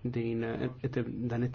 din dan it